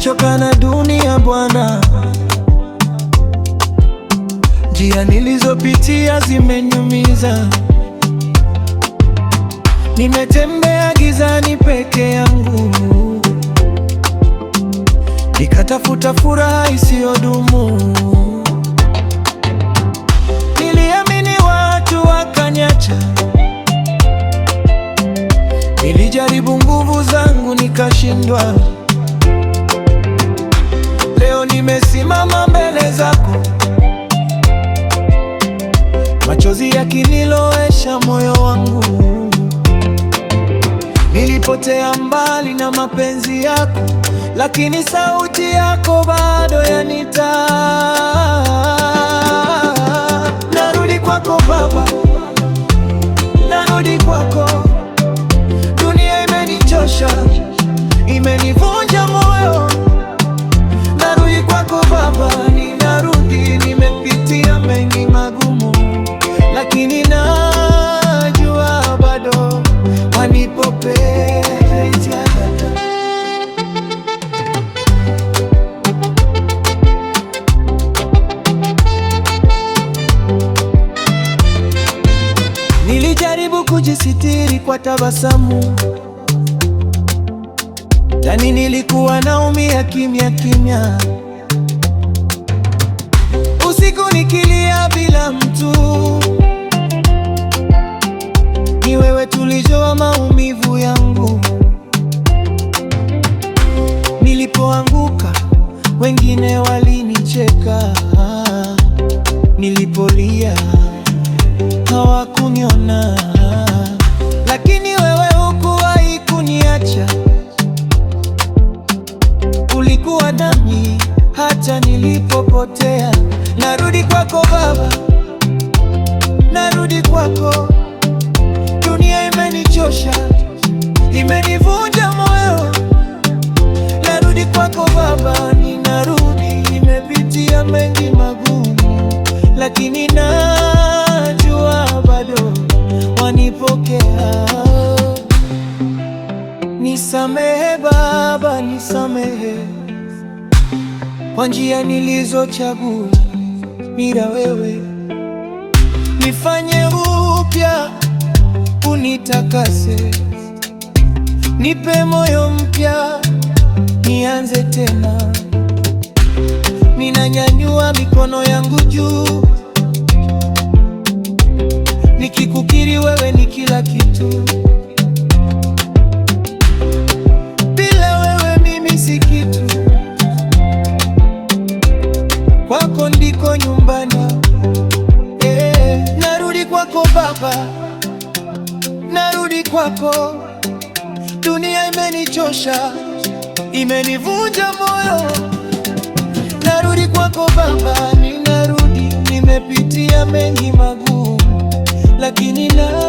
Nimechoka na dunia bwana, njia nilizopitia zimenyumiza. Nimetembea gizani peke yangu, nikatafuta furaha isiyodumu. Niliamini watu wakanyacha, nilijaribu nguvu zangu nikashindwa. Nimepotea mbali na mapenzi yako, lakini sauti yako bado yanita. Narudi kwako Baba kujisitiri kwa tabasamu. Tani nilikuwa naumia kimya kimya. nilipopotea. Narudi kwako Baba, narudi kwako. Dunia imenichosha, imenivunja moyo. Narudi kwako Baba, ninarudi. Nimepitia mengi magumu, lakini najua bado wanipokea. Nisamehe Baba, nisamehe kwa njia nilizochagua mira wewe. Nifanye upya, unitakase, nipe moyo mpya, nianze tena. Ninanyanyua mikono yangu juu, nikikukiri wewe ni kila kitu. Baba, narudi kwako, dunia imenichosha, imenivunja moyo. Narudi kwako Baba, ninarudi, nimepitia mengi magumu, lakini na